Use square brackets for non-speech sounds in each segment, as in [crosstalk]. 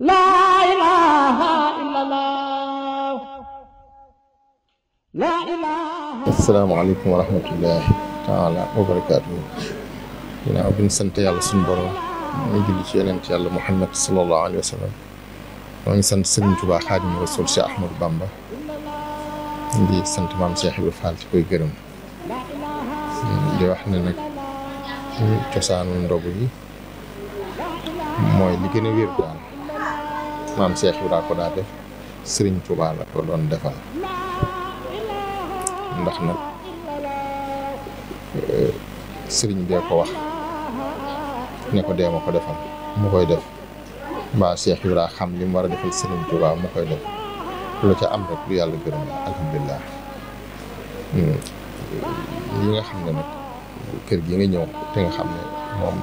laa ilaaha illallaah laa ilaaha assalaamu aleykum wa rahmatullaahi taala wa barakaatuhu ginnaaw bi ñu sant yàlla suñu borom ñu julli ci yonent yàlla Muhammad sallallaahu alayhi wa sallam maa ngi sant Sëriñ Tuubaa Xaadimu Rasuul Cheikh Ahmadou Bamba di sant maam Cheikh Ibra Fall ci koy gërëm di wax ne nag cosaanu ndogu yi mooy li gën a wér daal maam Cheikh Ibra ko daa def sëriñ Touba la ko doon defal ndax nag eh, sëriñ bee ko wax ne ko dee ko defal mu koy def mbaa Cheikh xam li mu war a defal Serigne Touba mu koy def lu ca am rek lu yàlla gërëm la yi hmm. nga xam ne nag kër gi nga ñëw te nga xam ne moom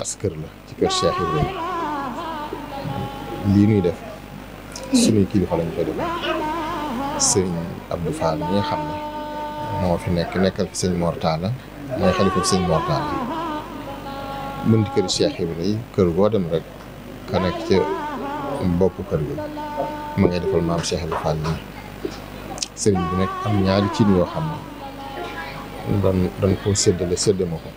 as kër la ci kër Cheikh lii nuy def suñuy kilifa lañ koy def sëñ Abdou Fall mi nga xam ne moo fi nekk nekkal fi sëñ Mortala mooy xalifa sëñ Mortala mën di kër Cheikh Ibra yi kër goo dem rek ka nekk ci bopp kër gi ma ngay defal maam Cheikh Abdou Fall nii sëriñ bi nag am ñaari cin yoo xam ne dan dan koo séddale séddama ko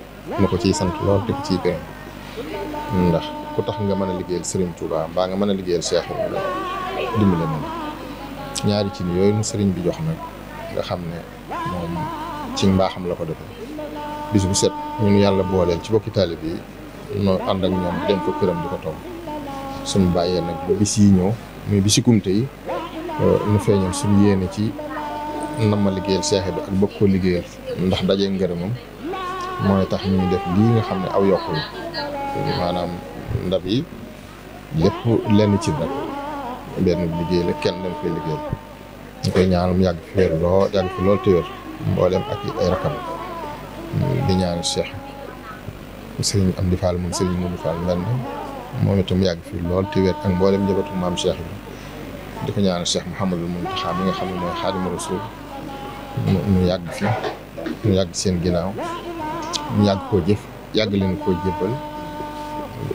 ma ko ciy sant lool te ko ciy gërëm ndax ku tax nga mën a liggéeyal Serigne Touba mbaa nga mën a liggéeyal Cheikh Ibrahima dimbale nañ ñaari cin yooyu nu Serigne bi jox nag nga xam ne moom ci mbaaxam la ko defee bis bu set ñun yàlla booleel ci bokki taalib yi no ànd ak ñoom dem ko këram di ko toog suñu bàyyee nag ba bis yi ñëw muy bisi kumte yi euh, nu feeñal suñu yéene ci nam ma liggéeyal seexe bi ak bëgg koo liggéeyal ndax daje ngërëmam mooy tax ñu def lii nga xam ne aw yokku maanaam ndab yi lépp lenn ci ndab benn liggéey la kenn dañ koy fi wér loo yàgg fi lool te wér mboolem ak ay rakam mm, di ñaanal mu Serigne Amdi Fall moom Serigne Modou Fall mbenn moom itam yàgg fi lool te wér ak mboolem njabootu maam Cheikh bi di ko ñaanal Cheikh Mouhamadul Mountakha mi nga xam ne mooy Xaadimu Rasuul mu yàgg fi mu yàgg seen ginnaaw mu yàgg koo jëf yàgg leen koo jébbal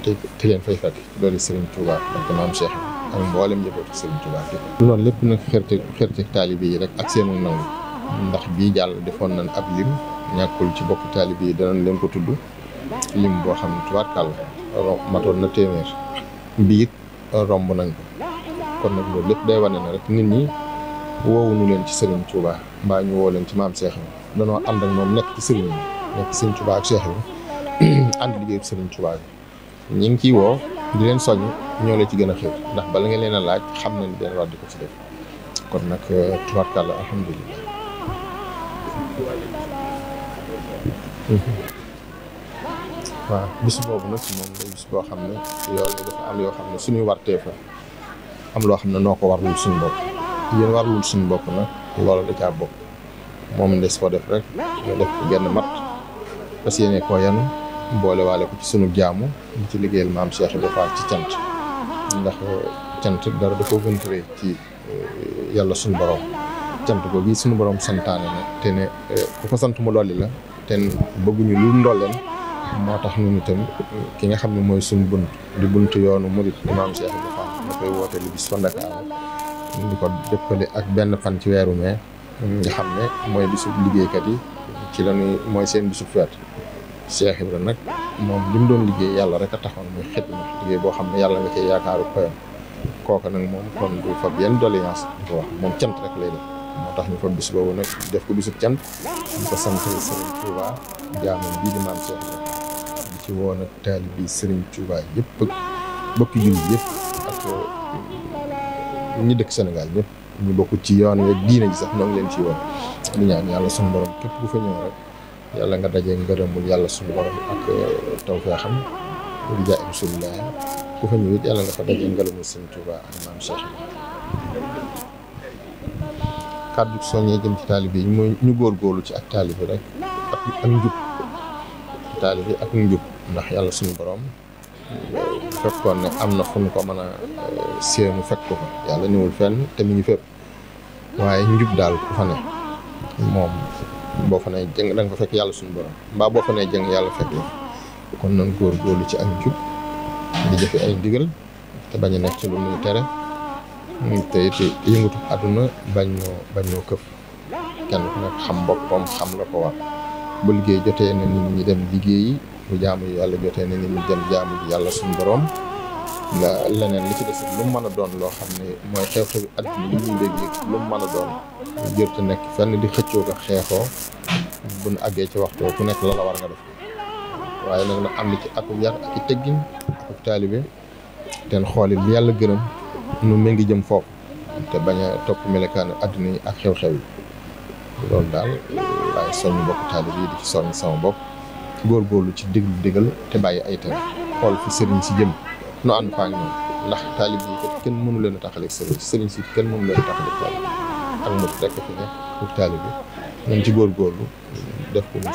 te te leen fay fekk loolu Serigne Touba ak maam mboolem njabootu Serigne Touba lépp nag xerte xerte taalibe yi ak seenu nangu ndax bii jàll defoon nañ ab lim ñàkkul ci bokk taalibe yi danañ leen ko tudd lim boo xam ne tubaarkàll matoon na téeméer bii romb nañ kon nag loolu lépp day wane na rek nit ñi woowuñu leen ci Serigne Touba mbaa ñu woo leen ci maam Cheikh bi danoo am ak moom nekk ci Serigne bi nekk Serigne Touba ak Cheikh [clears throat] bi ànd liggéey Serigne bi ñi ngi ciy woo di leen soññ ñoo la ci gën a xew ndax bala nga leen a laaj xam nañ den war di ko ci def kon nag euh, tubarkàlla alhamdulilah. Mm-hmm. waaw bis boobu nag moom mooy bis boo xam ne yoon dafa am yoo xam ne suñuy wartee la am loo xam ne noo ko warlul suñu bopp yéen warlul suñu bopp nag loolu da caa bokk moom des ko def rek nga def benn mat parce que yéene koo boole waale ko ci sunu jaamu di ci liggéeyal maam Cheikh Ibra Fall ci cant ndax euh, cant dara da koo gën a ci euh, yàlla sunu borom cant ko gi sunu borom santaane na te ne euh, ku ko sant mu dolli la te bëgguñu lu ndolleen moo tax ñun itam ki nga xam ne mooy sunu bunt di bunt yoonu mu di maam Cheikh Ibra Fall da koy woote li bis fa Ndakaaru di ko dëppale ak benn fan ci weeru mee nga xam ne mooy bisu liggéeykat yi ci la mooy seen bisu feet Cheikh Ibra nag moom li mu doon liggéey yàlla rek a taxoon muy xet na liggéey boo xam ne yàlla nga cee yaakaaru payam kooka nag moom kon du fa benn doléance di ko wax moom cant rek lay def tax ñu fa bis def ko bisu sant Serigne Touba jaamam bii di ci woo nag bi Serigne Touba yëpp ak bokki jullit yëpp ak euh, ñi dëkk Sénégal yëpp ñu bokk ci yoon wi diine ji sax ñoo leen ci woon ñaan yàlla sunu képp ku fa ñëw rek. yàlla nga daje ngërëmul yàlla suñu borom ak eh, tawfeexam di jaay yàlla nga fa daje ngërëmul sëñ Tuuba ak maam jëm ci taalibe yi mooy góor góorgóorlu ci ak taalibe rek ak ak njub taalibe ak njub ndax yàlla suñu boroom borom fekkoon ne am na fu ñu ko mën a eh, séenu fekk ko yàlla ñëwul fenn te mu ngi fépp waaye njub daal ku fa ne moom boo fa nee jëng da nga fa fekk yàlla suñu borom mbaa boo fa nee jëng yàlla fekk la kon nan góorlu ci ak jub di jëfe ay ndigal te bañ a nekk ci lu muy tere te it yëngatu àdduna bañ ñoo bañ ñoo këf kenn ku nekk xam boppam xam la ko war bu liggéey jotee na nit ñi dem liggéeyi mu jaamu yàlla jotee na nit ñi dem jaamu yàlla suñu borom. nga leneen li ci des lu mën a doon loo xam ne mooy xew-xewi àdduna yi ñuy dégg lu mën a doon jër te nekk fenn di xëccoo ko xeexoo bu nu àggee ci waxtu ku nekk la la war nga def waaye nag nag am na ci ak yar ak i teggin ak taalibe ten xooli yàlla gërëm nu mu ngi jëm foofu te bañ a topp melokaanu àdduna yi ak xew-xew yi loolu daal waaye soññ bokk taalibe yi di ci soññ sama bopp góorgóorlu ci diglu digal te bàyyi ay tere xool fi sëriñ si jëm nu ànd faa ak ñoom ndax taalib yi leen a taxaleeg sëriñ sëriñ si leen a taxaleeg taalib ak mot rekk fi ne pour taalib bi nañ ci góorgóorlu def ko muy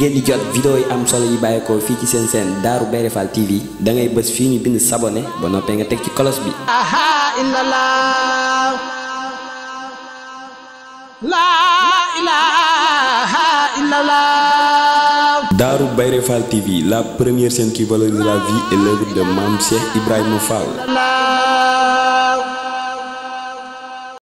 ngeen di jot vidéo yi am solo yi bàyyeekoo fii ci seen seen Darou Bairé Fall TV da ngay bës fii ñu bind sabonné ba noppee nga teg ci kolos bi. Darou Bairé Fall TV la première chaîne qui valorise la vie de Mame Cheikh Ibrahima Fall.